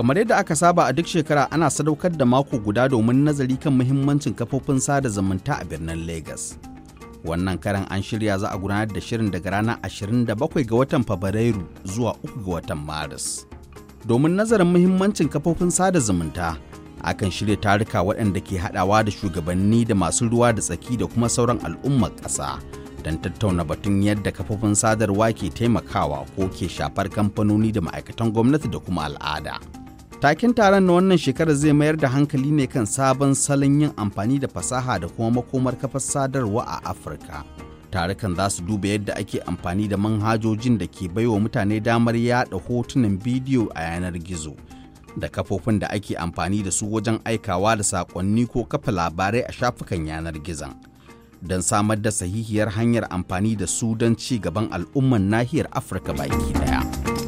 kamar yadda aka saba a duk shekara ana sadaukar da mako guda domin nazari kan muhimmancin kafofin sada zumunta a birnin Legas. Wannan karan an shirya za a gudanar da shirin daga ranar 27 ga watan Fabrairu zuwa 3 ga watan Maris. Domin nazarin muhimmancin kafofin sada zumunta, akan shirya taruka waɗanda ke haɗawa da shugabanni da masu ruwa da tsaki da kuma sauran al'ummar ƙasa don tattauna batun yadda kafofin sadarwa ke taimakawa ko ke shafar kamfanoni da ma'aikatan gwamnati da kuma al'ada. Takin taron na wannan shekarar zai mayar da hankali ne kan sabon salon yin amfani da fasaha da kuma makomar kafar sadarwa a Afirka. Tarukan za su duba yadda ake amfani da manhajojin da ke baiwa mutane damar yaɗa hotunan bidiyo a yanar gizo, da kafofin da ake amfani da su wajen aikawa da saƙonni ko kafa labarai a shafukan yanar gizon. Don samar da sahihiyar hanyar amfani da su don ci gaban al'ummar nahiyar Afirka baki ɗaya.